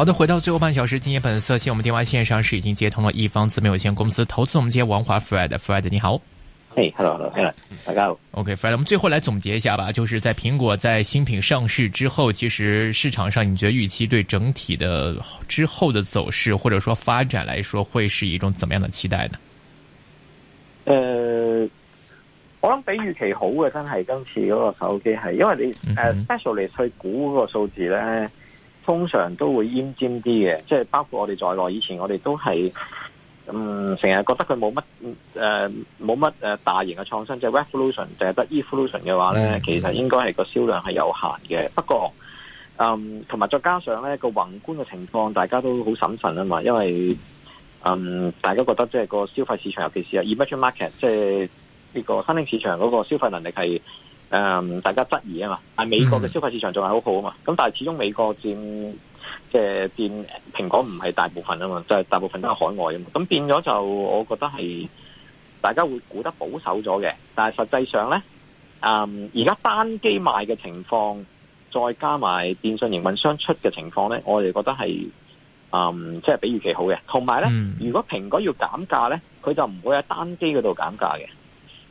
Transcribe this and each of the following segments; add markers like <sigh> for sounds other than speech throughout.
好的，回到最後半小時，今天本色，先，我們電話線上是已經接通了億方資本有限公司投資今天王華 Fred，Fred，Fred, 你好，hey, Hello, Hello, Hello, 大家好，OK，Fred，okay, 我們最後來總結一下吧，就是在蘋果在新品上市之後，其實市場上你覺得預期對整體的之後的走勢或者說發展來說，會是一種怎麼樣的期待呢？呃，我諗比預期好嘅，真係今次嗰個手機係，因為你誒，special 嚟去估嗰個數字咧。通常都會奄尖啲嘅，即係包括我哋在內。以前我哋都係嗯，成日覺得佢冇乜誒冇乜誒大型嘅創新，即係 revolution，就係得 evolution 嘅話咧、嗯，其實應該係個銷量係有限嘅。不過嗯，同埋再加上咧個宏觀嘅情況，大家都好審慎啊嘛，因為嗯，大家覺得即係個消費市場尤其是啊 emerging market，即係呢個新興市場嗰個消費能力係。誒、um，大家質疑啊嘛，但係美國嘅消費市場仲係好好啊嘛，咁、嗯、但係始終美國占即係佔電蘋果唔係大部分啊嘛，就係、是、大部分都係海外啊嘛，咁變咗就我覺得係大家會估得保守咗嘅，但係實際上咧，而、嗯、家單機賣嘅情況，再加埋電信營運商出嘅情況咧，我哋覺得係、嗯，即係比預期好嘅，同埋咧，如果蘋果要減價咧，佢就唔會喺單機嗰度減價嘅。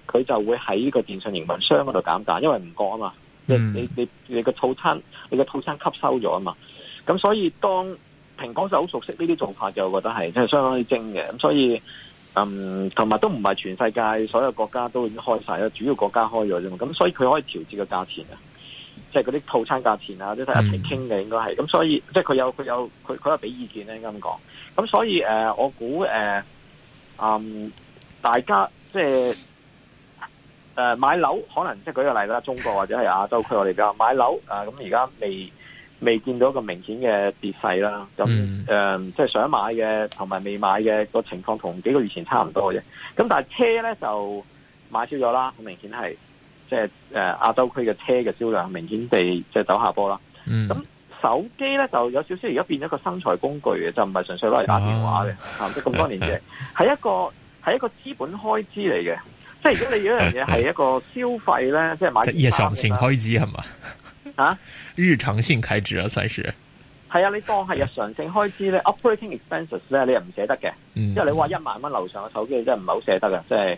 佢就會喺呢個電信營運商嗰度減價，因為唔過啊嘛，你你你你個套餐，你個套餐吸收咗啊嘛，咁所以當蘋果就好熟悉呢啲做法，就我覺得係即係相當於精嘅，咁所以嗯同埋都唔係全世界所有國家都已經開晒啦，主要國家開咗啫嘛，咁所以佢可以調節個價錢啊，即係嗰啲套餐價錢啊、呃呃呃，即係一齊傾嘅應該係，咁所以即係佢有佢有佢佢有俾意見咧咁講，咁所以誒我估誒嗯大家即係。誒、呃，買樓可能即係舉個例啦，中國或者係亞洲區我哋比較買樓，誒咁而家未未見到一個明顯嘅跌勢啦。咁誒，即、嗯、係、呃就是、想買嘅同埋未買嘅個情況同幾個月前差唔多嘅啫。咁但係車咧就買少咗啦，好明顯係即係誒亞洲區嘅車嘅銷量明顯地即係走下坡啦。咁、嗯、手機咧就有少少而家變咗個生財工具嘅，就唔係純粹攞嚟打電話嘅，吓即係咁多年嘅係、嗯、一個係一個資本開支嚟嘅。即係如果你呢樣嘢係一個消費咧， <laughs> 即係買個手機啊，日常性開支係嘛？啊，日常性開支啊，算是係啊。你當係日常性開支咧 O <laughs> perating expenses 咧，你又唔捨得嘅。即、嗯、因為你話一萬蚊樓上嘅手機真係唔係好捨得嘅，即係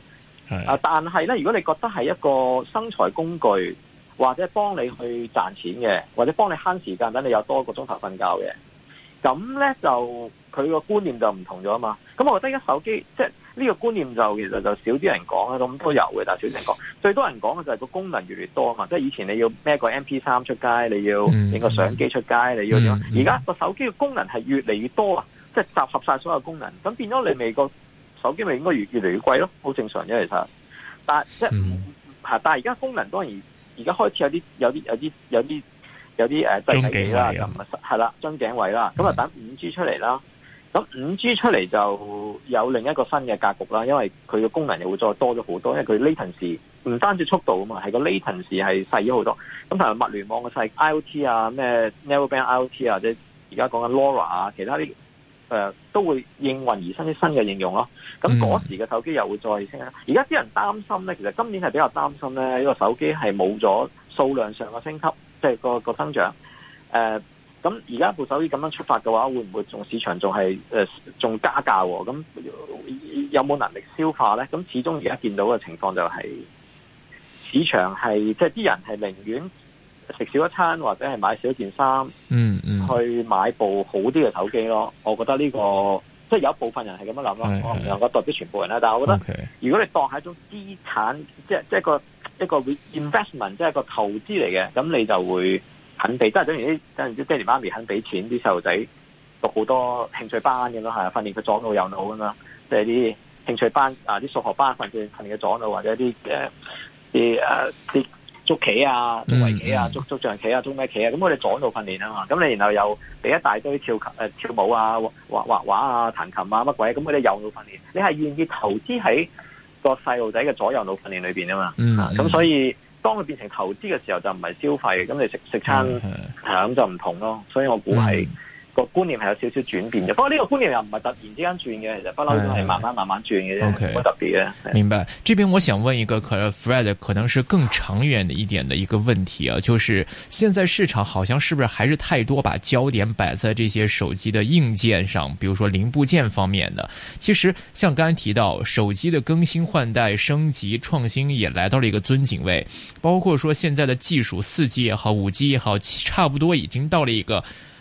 係啊。但係咧，如果你覺得係一個生財工具，或者幫你去賺錢嘅，或者幫你慳時間，等你有多一個鐘頭瞓覺嘅，咁咧就佢個觀念就唔同咗啊嘛。咁我覺得而家手機即係。呢、這個觀念就其實就少啲人講啦，咁都有嘅，但少人講。最多人講嘅就係個功能越嚟越多啊，即係以前你要孭個 M P 三出街，你要影個相機出街，你要點？而家個手機嘅功能係越嚟越多啊，即係集合晒所有功能。咁變咗你咪個手機咪應該越越嚟越貴咯，好正常啫，其實。但係即係但係而家功能當然而家開始有啲有啲有啲有啲有啲誒樽頸啦，咁係啦，樽、呃、頸位啦，咁、嗯、啊、嗯、等五 G 出嚟啦。咁五 G 出嚟就有另一個新嘅格局啦，因為佢嘅功能又會再多咗好多，因為佢 latency 唔單止速度啊嘛，係個 latency 係細咗好多。咁同埋物聯網嘅細 IOT 啊，咩 Narrowband IOT 啊，即係而家講緊 LoRa 啊，其他啲誒、呃、都會應運而生啲新嘅應用咯。咁嗰時嘅手機又會再升啦。而、mm. 家啲人擔心咧，其實今年係比較擔心咧，呢、呢個手機係冇咗數量上嘅升級，即係個個增長、呃咁而家部手機咁樣出發嘅話，會唔會仲市場仲係誒仲加價？咁有冇能力消化咧？咁始終而家見到嘅情況就係市場係即係啲人係寧願食少一餐或者係買少一件衫，嗯嗯，去買部好啲嘅手機咯。我覺得呢、呢個、嗯、即係有一部分人係咁樣諗咯，我唔能夠代表全部人啦。但係我覺得，okay, 如果你當係一種資產，即係即係個一個 investment，、嗯、即係個投資嚟嘅，咁你就會。肯俾，即係等於啲，等於啲爹哋媽咪肯俾錢啲細路仔讀好多興趣班咁咯，係啊，訓練佢左腦右腦噶嘛。即係啲興趣班啊，啲數學班訓練訓練嘅左腦，或者啲誒啲誒啲捉棋啊、捉圍棋啊、捉捉象棋啊、捉咩棋啊。咁我哋左腦訓練啊嘛。咁你然後又俾一大堆跳琴誒跳舞啊、畫畫畫啊、彈琴啊乜鬼。咁佢哋右腦訓練，你係願意投資喺個細路仔嘅左右腦訓練裏邊、嗯、啊嘛。咁、嗯、所以。當佢變成投資嘅時候，就唔係消費嘅，咁你食食餐係咁就唔同咯，所以我估係。嗯個觀念係有少少轉變嘅，不過呢個觀念又唔係突然之間轉嘅，其實不嬲都係慢慢慢慢轉嘅啫，冇、哎、特別嘅、okay, 哎。明白，這邊我想問一個，可能 Fred 可能是更長遠一點的一個問題啊，就是現在市場好像是不是還是太多把焦點擺在這些手機的硬件上，比如說零部件方面的。其實像剛才提到，手機的更新換代、升級創新也來到了一個樽頸位，包括說現在的技術，四 G 也好，五 G 也好，差不多已經到了一個。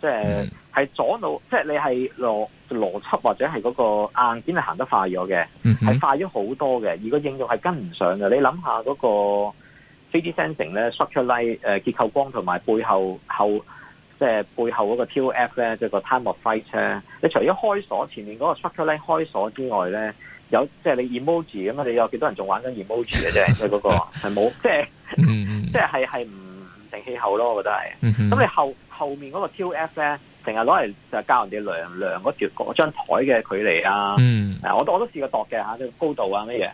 即係係左腦，即係你係邏邏輯或者係嗰個硬件係行得快咗嘅，係、mm-hmm. 快咗好多嘅。而個應用係跟唔上嘅。你諗下嗰個 Face Sensing 咧，Structure Light 誒結構光同埋背後後，即係背後嗰個 TOF 咧，即係個 time of flight 咧。你除咗開鎖，前面嗰個 Structure Light 開鎖之外咧，有即係你 Emoji 咁啊！你有幾多人仲玩緊 Emoji 嘅 <laughs> 啫、那個？即係嗰個係冇，即係即係係係唔成氣候咯。我覺得係。咁、mm-hmm. 你後？後面嗰個 QF 咧，成日攞嚟就教人哋量，量量嗰條嗰張台嘅距離啊、嗯！我都我都試過度嘅吓，高度啊什麼，乜嘢？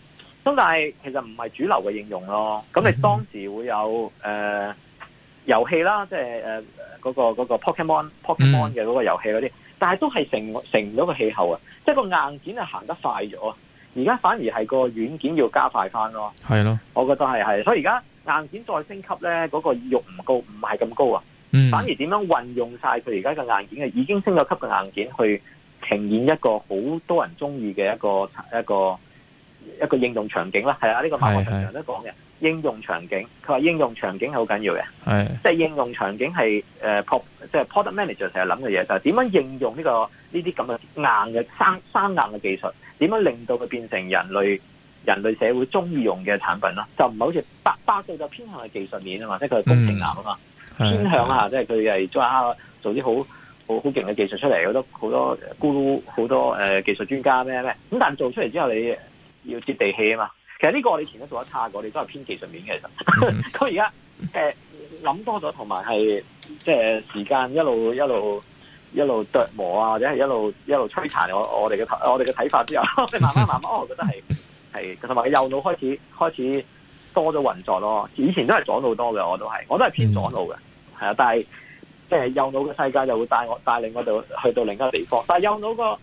咁但係其實唔係主流嘅應用咯、啊。咁你當時會有誒遊戲啦，即係誒嗰個、嗰個 Pokemon Pokemon 嘅嗰個遊戲嗰啲，但係都係成成唔到個氣候啊！即係個硬件啊行得快咗，而家反而係個軟件要加快翻咯。係咯，我覺得係係，所以而家硬件再升級咧，嗰、嗰個意欲唔高，唔係咁高啊。反而點樣運用晒佢而家嘅硬件嘅，已經升咗級嘅硬件去呈現一個好多人中意嘅一個一個一個，一個應用場景啦。係啊，呢、這個麥學長都講嘅應用場景，佢話應用場景係好緊要嘅，係即係應用場景係誒即係 product manager 成日諗嘅嘢就係、是、點樣應用呢、這個呢啲咁嘅硬嘅生生硬嘅技術，點樣令到佢變成人類人類社會中意用嘅產品啦？就唔係好似百百度就偏向係技術面啊嘛，即係佢係工程男啊嘛。嗯偏向啊，即係佢係抓做啲好好好勁嘅技術出嚟，好多好多咕嚕，好多誒技術專家咩咩，咁但係做出嚟之後你要接地氣啊嘛。其實呢個我哋前都做得差過，我哋都係偏技術面嘅。其實佢而家誒諗多咗，同埋係即係時間一路一路一路琢磨啊，或者係一路一路摧殘我我哋嘅我哋嘅睇法之後，慢慢慢慢，我覺得係係同埋佢右腦開始開始開始多咗運作咯，以前都係左腦多嘅，我都係，我都係偏左腦嘅，係、嗯、啊，但係即係右腦嘅世界就會帶我帶領我哋去到另一個地方，但係右腦個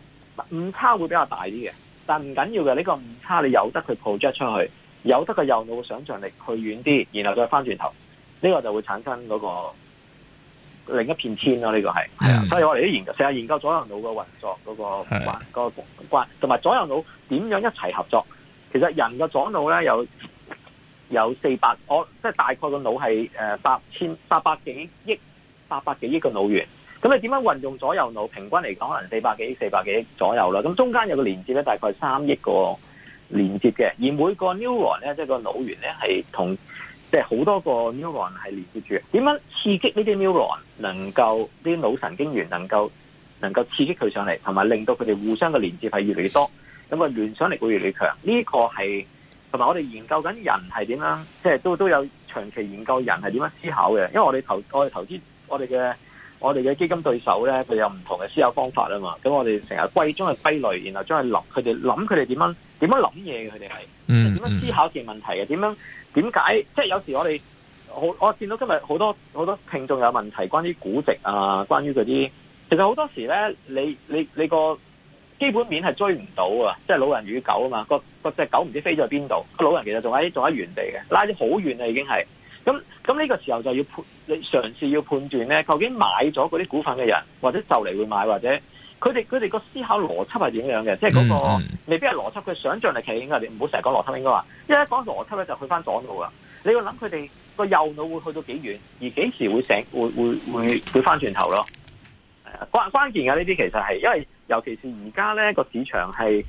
誤差會比較大啲嘅，但係唔緊要嘅，呢、這個誤差你由得佢 project 出去，由得個右腦嘅想象力去遠啲，然後再翻轉頭，呢、這個就會產生嗰、那個另一片天咯，呢個係，係啊，這個嗯、所以我哋都研究成日研究左右腦嘅運作嗰、那個關、嗰個關，同埋左右腦點樣一齊合作，其實人嘅左腦咧有。有四百，我即係大概個腦係，誒八千八百幾億，八百幾億個腦元。咁你點樣運用左右腦？平均嚟講，可能四百幾、四百幾億左右啦。咁中間有個連接咧，大概三億個連接嘅。而每個 neuron 咧，即係個腦元咧，係同即係好多個 neuron 係連接住。點樣刺激呢啲 neuron，能夠啲腦神經元能夠，能夠能夠刺激佢上嚟，同埋令到佢哋互相嘅連接係越嚟越多，咁啊聯想力會越嚟越強。呢、呢個係。同埋我哋研究緊人係點樣，即係都都有長期研究人係點樣思考嘅。因為我哋投我哋投資我哋嘅我哋嘅基金對手咧，佢有唔同嘅思考方法啊嘛。咁我哋成日歸中係歸類，然後將佢諗，佢哋諗佢哋點樣點樣諗嘢嘅，佢哋係點樣思考件問題嘅，點樣、嗯嗯、點解？即係有時我哋好我見到今日好多好多聽眾有問題，關於估值啊，關於嗰啲，其實好多時咧，你你你個。基本面係追唔到啊！即係老人與狗啊嘛，個個隻狗唔知飛咗去邊度，個老人其實仲喺仲喺原地嘅，拉咗好遠啊已經係。咁咁呢個時候就要判，你嘗試要判斷咧，究竟買咗嗰啲股份嘅人，或者就嚟會買，或者佢哋佢哋個思考邏輯係點樣嘅？即係嗰個未必係邏輯，佢想像力強應該，你唔好成日講邏輯應該話，一講邏輯咧就去翻左路啦。你要諗佢哋個右腦會去到幾遠，而幾時會醒，會會會會翻轉頭咯。關關鍵嘅呢啲其實係因為。尤其是而家咧，個市場係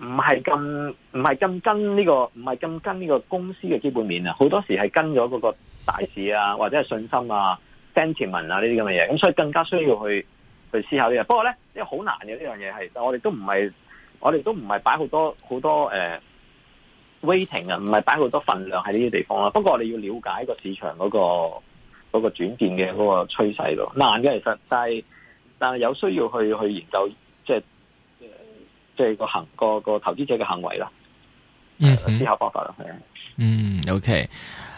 唔係咁唔係咁跟呢個，唔係咁跟呢個公司嘅基本面啊，好多時係跟咗嗰個大市啊，或者係信心啊、mm-hmm. sentiment 啊呢啲咁嘅嘢，咁所以更加需要去去思考啲嘢。不過咧，因為好難嘅呢樣嘢係，我哋都唔係，我哋都唔係擺好多好多誒、呃、rating 啊，唔係擺好多份量喺呢啲地方啦。不過我哋要了解個市場嗰個嗰個轉變嘅嗰個趨勢咯，難嘅其實但係。但係有需要去去研究，即係即係個行個個投資者嘅行為啦，uh-huh. 思考方法啦，係啊，嗯、mm, OK。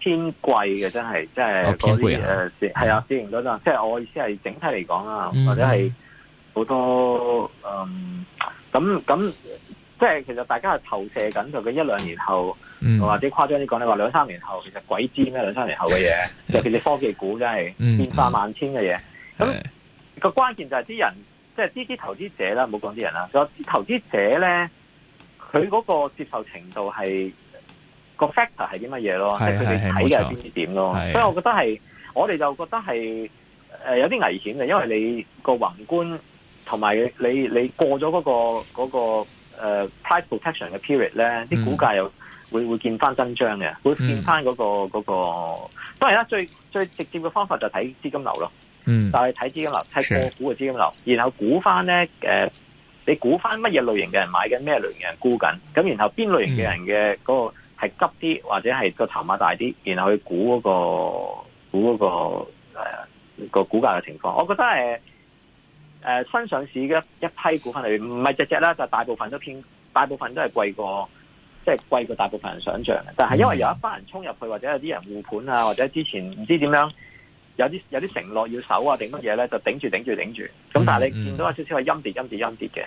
偏貴嘅真係，即係嗰啲誒，係啊，市盈嗰度，即係我意思係整體嚟講啊，或者係好多嗯，咁、嗯、咁，即係其實大家係投射緊，就嘅一兩年後，嗯、或者誇張啲講你話兩三年後，其實鬼知咩？兩三年後嘅嘢，尤其你科技股真係變化萬千嘅嘢。咁、嗯那個關鍵就係、是、啲人，即係啲啲投資者啦，唔好講啲人啦，啲投資者咧，佢嗰個接受程度係。個 factor 係啲乜嘢咯？係佢哋睇嘅係邊啲點咯？所以我覺得係我哋就覺得係誒、呃、有啲危險嘅，因為你個宏觀同埋你你過咗嗰、嗰個嗰、嗰個呃、price protection 嘅 period 咧，啲股價又會會見翻真章嘅，會見翻嗰、嗰個嗰、嗯嗰個、當然啦，最最直接嘅方法就睇資金流咯。嗯，但係睇資金流，睇個股嘅資金流，然後估翻咧誒，你估翻乜嘢類型嘅人買緊，咩類型嘅人沽緊，咁然後邊類型嘅人嘅嗰、嗰個。嗯係急啲，或者係個籌碼大啲，然後去估嗰、那個估嗰、那個誒、那個呃、個股價嘅情況。我覺得係誒、呃、新上市嘅一批股份裏面，唔係只隻啦，就大部分都偏，大部分都係貴過，即係貴過大部分人想象嘅。但係因為有一班人衝入去，或者有啲人護盤啊，或者之前唔知點樣有啲有啲承諾要守啊定乜嘢咧，就頂住頂住頂住。咁、嗯、但係你見到有少少係陰跌陰跌陰跌嘅。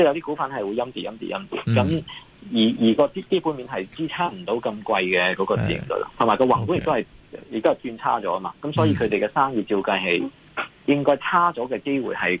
即係有啲股份係會陰跌陰跌陰跌，咁、嗯、而而個啲基本面係支撐唔到咁貴嘅嗰個市噶啦，同埋個宏觀亦都係亦都係轉差咗啊嘛，咁所以佢哋嘅生意照計係應該差咗嘅機會係。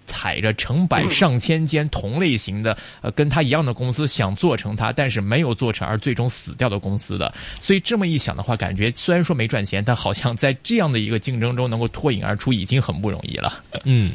踩着成百上千間同類型的，呃，跟佢一樣嘅公司想做成佢，但是沒有做成而最終死掉的公司的，所以這麼一想的話，感覺雖然說沒賺錢，但好像在這樣的一個競爭中能夠脫穎而出已經很不容易了。嗯，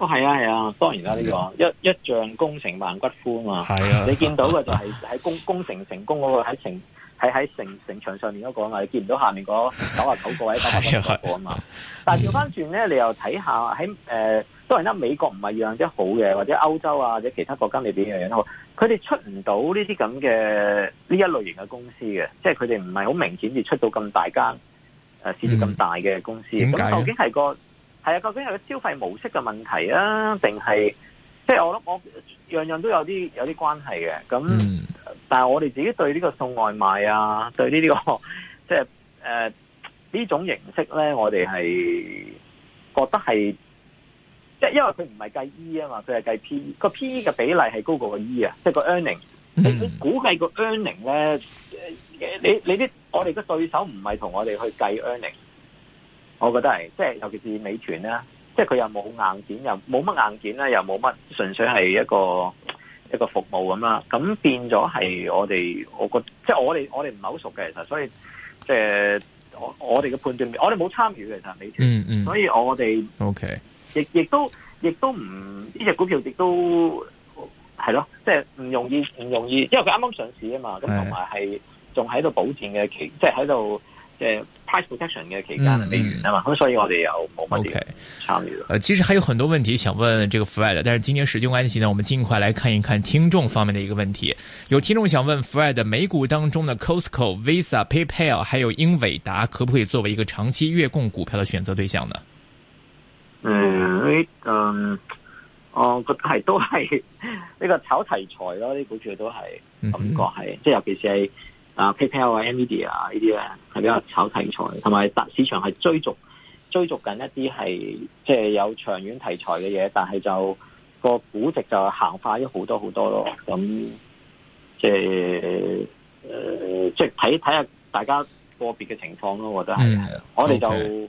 係、哦、啊係啊，當然啦呢、啊這個一一將功成萬骨枯啊嘛，係啊，你見到嘅就係喺攻攻城成功嗰個喺城喺喺城城牆上面嗰個嘛，你見唔到下面嗰九十九個喺一百個啊嘛，啊嗯、但調翻轉呢你又睇下喺誒。在呃因為啦，美國唔係樣樣都好嘅，或者歐洲啊，或者其他國家裏邊樣樣都好，佢哋出唔到呢啲咁嘅呢一類型嘅公司嘅，即係佢哋唔係好明顯而出到咁大間，誒市值咁大嘅公司。點解？咁究竟係個係啊？究竟係個消費模式嘅問題啊？定係即係我諗，我樣樣都有啲有啲關係嘅。咁、嗯、但係我哋自己對呢個送外賣啊，對呢啲個即係誒呢種形式咧，我哋係覺得係。即係因為佢唔係計 E 啊嘛，佢係計 P。個 P 嘅比例係高過、e, 嗯、個 E 啊，即係個 earning。你估估計個 earning 咧，你你啲我哋嘅對手唔係同我哋去計 earning。我覺得係，即係尤其是美團啦，即係佢又冇硬件，又冇乜硬件啦，又冇乜，純粹係一個一個服務咁啦。咁變咗係我哋，我覺即係我哋我哋唔係好熟嘅，其實所以即係我我哋嘅判斷，我哋冇參與嘅，其實美團、嗯嗯。所以我哋 O K。Okay. 亦亦都亦都唔，呢隻股票亦都係咯，即係唔容易唔容易，因為佢啱啱上市啊嘛，咁同埋係仲喺度保證嘅期，即係喺度嘅 price protection 嘅期間未完啊嘛，咁、嗯、所以我哋又冇乜嘢參與。Okay, 呃，其實還有很多問題想問這個 Fred，但是今天時間關係呢，我們盡快來看一看聽眾方面的一個問題。有聽眾想問 Fred，美股當中的 Costco、Visa、PayPal 還有英偉達可不可以作為一個長期月供股票的選擇對象呢？嗯、啲、這、誒、個，我係都係呢個炒題材咯，呢股票都係感覺係，即係尤其是係啊，PayPal 啊，Nvidia 啊呢啲咧，係比較炒題材，同埋市場係追逐追逐緊一啲係即係有長遠題材嘅嘢，但係就個估值就行快咗好多好多咯，咁即係誒，即係睇睇下大家個別嘅情況咯，我覺得係，我哋就。Mm-hmm. Okay.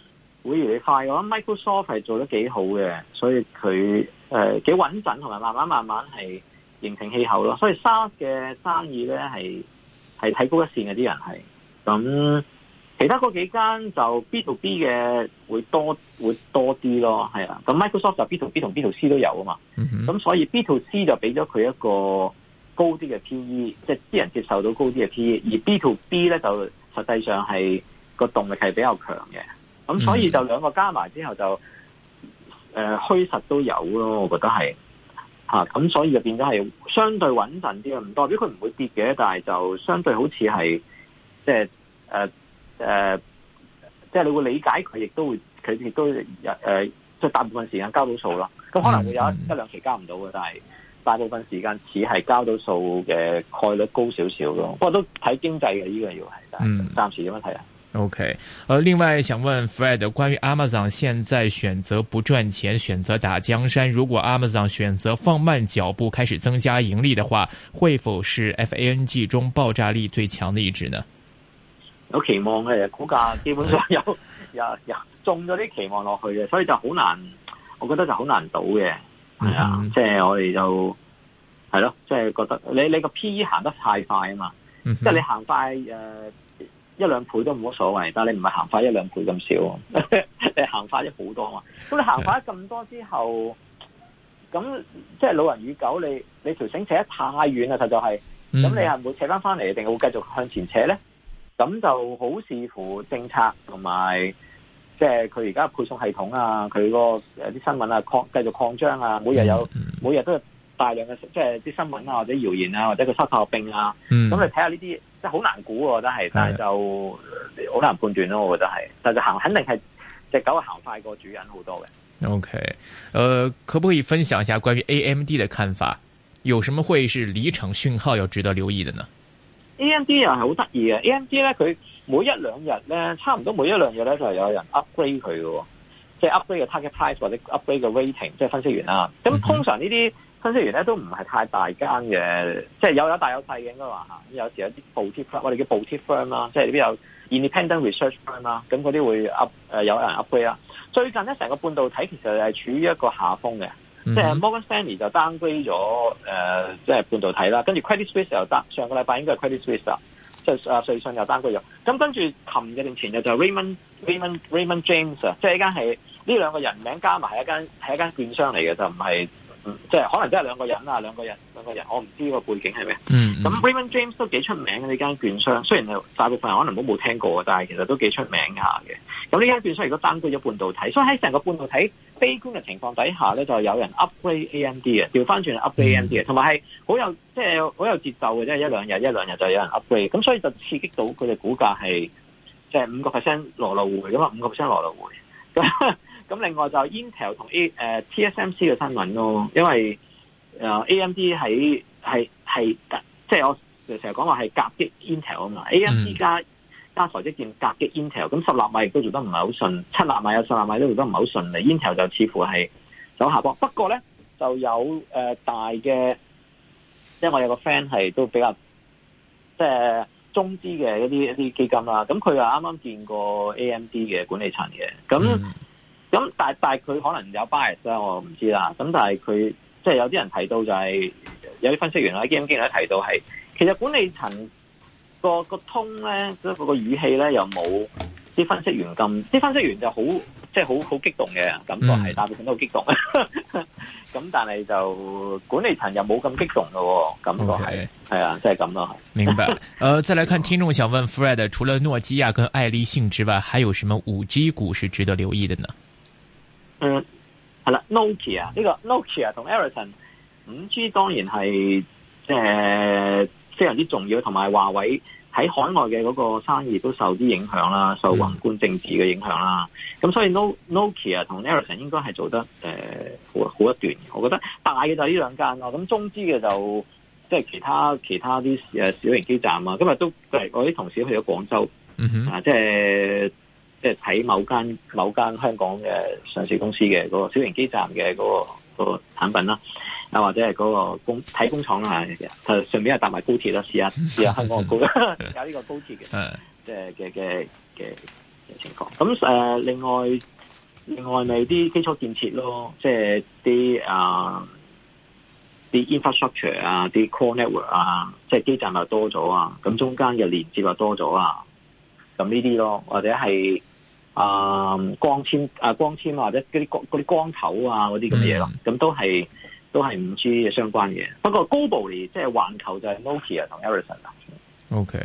會越嚟越快，我覺得 Microsoft 係做得幾好嘅，所以佢誒幾穩陣，同埋慢慢慢慢係形成氣候咯。所以 SaaS 嘅生意咧係係睇高一線嘅啲人係咁，其他嗰幾間就 B to B 嘅會多會多啲咯，係啦。咁 Microsoft 就 B to B 同 B to C 都有啊嘛。咁、mm-hmm. 所以 B to C 就俾咗佢一個高啲嘅 P E，即係啲人接受到高啲嘅 P E，而 B to B 咧就實際上係個動力係比較強嘅。咁、嗯、所以就兩個加埋之後就誒、呃、虛實都有咯，我覺得係嚇。咁、啊、所以就變咗係相對穩陣啲，唔代表佢唔會跌嘅，但係就相對好似係即係誒誒，即係、呃呃、你會理解佢，亦都會佢亦都誒，即、呃、係大部分時間交到數啦。咁可能會有一、嗯、一兩期交唔到嘅，但係大部分時間似係交到數嘅概率高少少咯。不過都睇經濟嘅呢、呢個要係，但係暫時咁樣睇啊。OK，呃，另外想問 Fred 關於 Amazon 現在選擇不賺錢，選擇打江山。如果 Amazon 選擇放慢腳步，開始增加盈利的話，會否是 FANG 中爆炸力最強的一隻呢？有期望嘅，股價基本上有有有，有中咗啲期望落去嘅，所以就好難，我覺得就好難賭嘅。係、嗯、啊，即、就、係、是、我哋就係咯，即係、啊就是、覺得你你個 PE 行得太快啊嘛，嗯、即係你行快誒。呃一兩倍都冇乜所謂，但係你唔係行快一兩倍咁少，呵呵你行快咗好多嘛？咁你行快咗咁多之後，咁即係老人與狗，你你條繩扯得太遠啦，實就就係、係，咁你係唔會扯翻翻嚟，定係會繼續向前扯咧？咁就好視乎政策同埋，即係佢而家配送系統啊，佢個有啲新聞啊擴繼續擴張啊，每日有、嗯、每日都有大量嘅即係啲新聞啊或者謠言啊或者佢收購兼併啊，咁、嗯、你睇下呢啲。即係好難估，我覺得係，但係就好難判斷咯。我覺得係，但係行肯定係隻狗行快過主人好多嘅。O K，誒，可唔可以分享一下關於 A M D 嘅看法？有什麼會是離場訊號要值得留意嘅呢？A M D 又係好得意嘅，A M D 咧佢每一兩日咧，差唔多每一兩日咧就係有人 upgrade 佢喎，即係 upgrade 嘅 target price 或者 upgrade 嘅 rating，即係分析員啦。咁通常呢啲。嗯分析員咧都唔係太大間嘅，即係有有大有細嘅應該話嚇。咁有時有啲 boutique，我哋叫 boutique firm 啦，即係呢邊有 independent research firm 啦。咁嗰啲會 up 誒、呃、有人 upgrade 啦。最近咧成個半導體其實係處於一個下風嘅，mm-hmm. 即係 Morgan Stanley 就 downgrade 咗誒，即、呃、係、就是、半導體啦。跟住 Credit Suisse 又 down 上個禮拜應該係 Credit Suisse 啦，即係啊瑞信又 downgrade 咗。咁跟住琴日定前日就 Raymond Raymond Raymond James 啊，即係呢間係呢兩個人名加埋係一間係一間券商嚟嘅，就唔係。即、嗯、係、就是、可能真係兩個人啊，兩個人，兩個人，我唔知個背景係咩。嗯，嗯。咁 Raymond James 都幾出名嘅呢間券商，雖然係大部分人可能都冇聽過，但係其實都幾出名下嘅。咁呢間券商如果單沽咗半導體，所以喺成個半導體悲觀嘅情況底下咧，就有人 upgrade AMD 啊，調翻轉 upgrade AMD 同埋係好有即係好有節奏嘅，即係一兩日一兩日就有人 upgrade，咁所以就刺激到佢哋股價係即係五個 percent 落落回咁啊，五個 percent 落落回。 <laughs> 咁另外就 Intel 同 A、呃、TSMC 嘅新聞咯，因為、呃、AMD 喺係係即係我成日講話係夾擊 Intel 啊嘛、嗯。AMD 加加台積電夾擊 Intel，咁十納米都做得唔係好順，七納米有十納米都做得唔係好順嚟。Intel 就似乎係走下坡，不過咧就有、呃、大嘅，即係我有個 friend 係都比較即係中資嘅一啲一啲基金啦、啊。咁佢又啱啱見過 AMD 嘅管理層嘅，咁。嗯咁但但係佢可能有 bias 啦，我唔知啦。咁但係佢即係有啲人提到就係、是、有啲分析員啦、基金經理都提到係，其實管理層個個通咧，嗰個個語氣咧又冇啲分析員咁，啲分析員就好即係好好激動嘅感覺係，大部分都好激動。咁、嗯、 <laughs> 但係就管理層又冇咁激動咯，感覺係係啊，即係咁咯。明白。誒、呃，再來看聽眾想問 Fred， <laughs> 除了諾基亞跟愛立信之外，還有什麼五 G 股是值得留意的呢？係、嗯、啦，Nokia 呢、這個 Nokia 同 Ericsson 五 G 當然係誒、呃、非常之重要，同埋華為喺海外嘅嗰個生意都受啲影響啦，受宏觀政治嘅影響啦。咁所以 N Nokia 同 Ericsson 應該係做得誒、呃、好好一段。我覺得大嘅就呢兩間咯，咁中資嘅就即係其他其他啲誒小型基站啊，今日都係我啲同事去咗廣州，嗯、啊即係。就是即係睇某間某間香港嘅上市公司嘅嗰、嗰個小型基站嘅嗰、嗰個嗰、嗰個產品啦，啊或者係嗰個工睇工廠啦，順便係搭埋高鐵啦，試下試下香港嘅高有呢個高鐵嘅，即係嘅嘅嘅嘅情況。咁誒、呃，另外另外咪啲基礎建設咯，即係啲啊啲 infrastructure 啊，啲 core network 啊，即係基站又多咗啊，咁中間嘅連接又多咗啊，咁呢啲咯，或者係。啊、呃、光纖啊、呃、光纖或者嗰啲光嗰啲光頭啊，嗰啲咁嘅嘢咯，咁都係都係五 G 相關嘅。不過 Global 嚟，即係環球就係 Nokia 同 Ericsson 啦。OK，誒、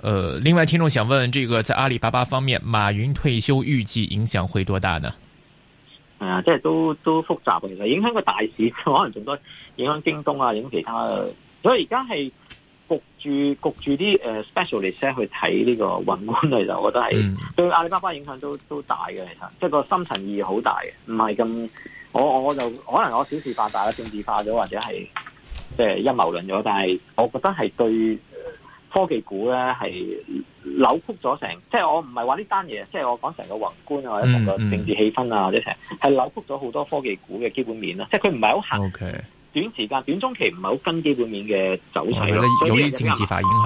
呃，另外聽眾想問，這個在阿里巴巴方面，馬雲退休預計影響會多大呢？係、呃、啊，即係都都複雜啊，其實影響個大市，可能仲多影響京東啊，影響其他。所以而家係。住焗住啲誒 specialist 去睇呢個宏觀其實，我覺得係對阿里巴巴影響都都大嘅，其實即係個深層意義好大嘅，唔係咁我我就可能我小事化大啦，政治化咗或者係即係陰謀論咗，但係我覺得係對科技股咧係扭曲咗成，即係我唔係話呢單嘢，即係我講成個宏觀啊或者成個政治氣氛啊、嗯嗯、或者成，係扭曲咗好多科技股嘅基本面咯，即係佢唔係好行。Okay. 短時間、短中期唔係好跟基本面嘅走勢咯，哦，有啲政治化影響。嗯。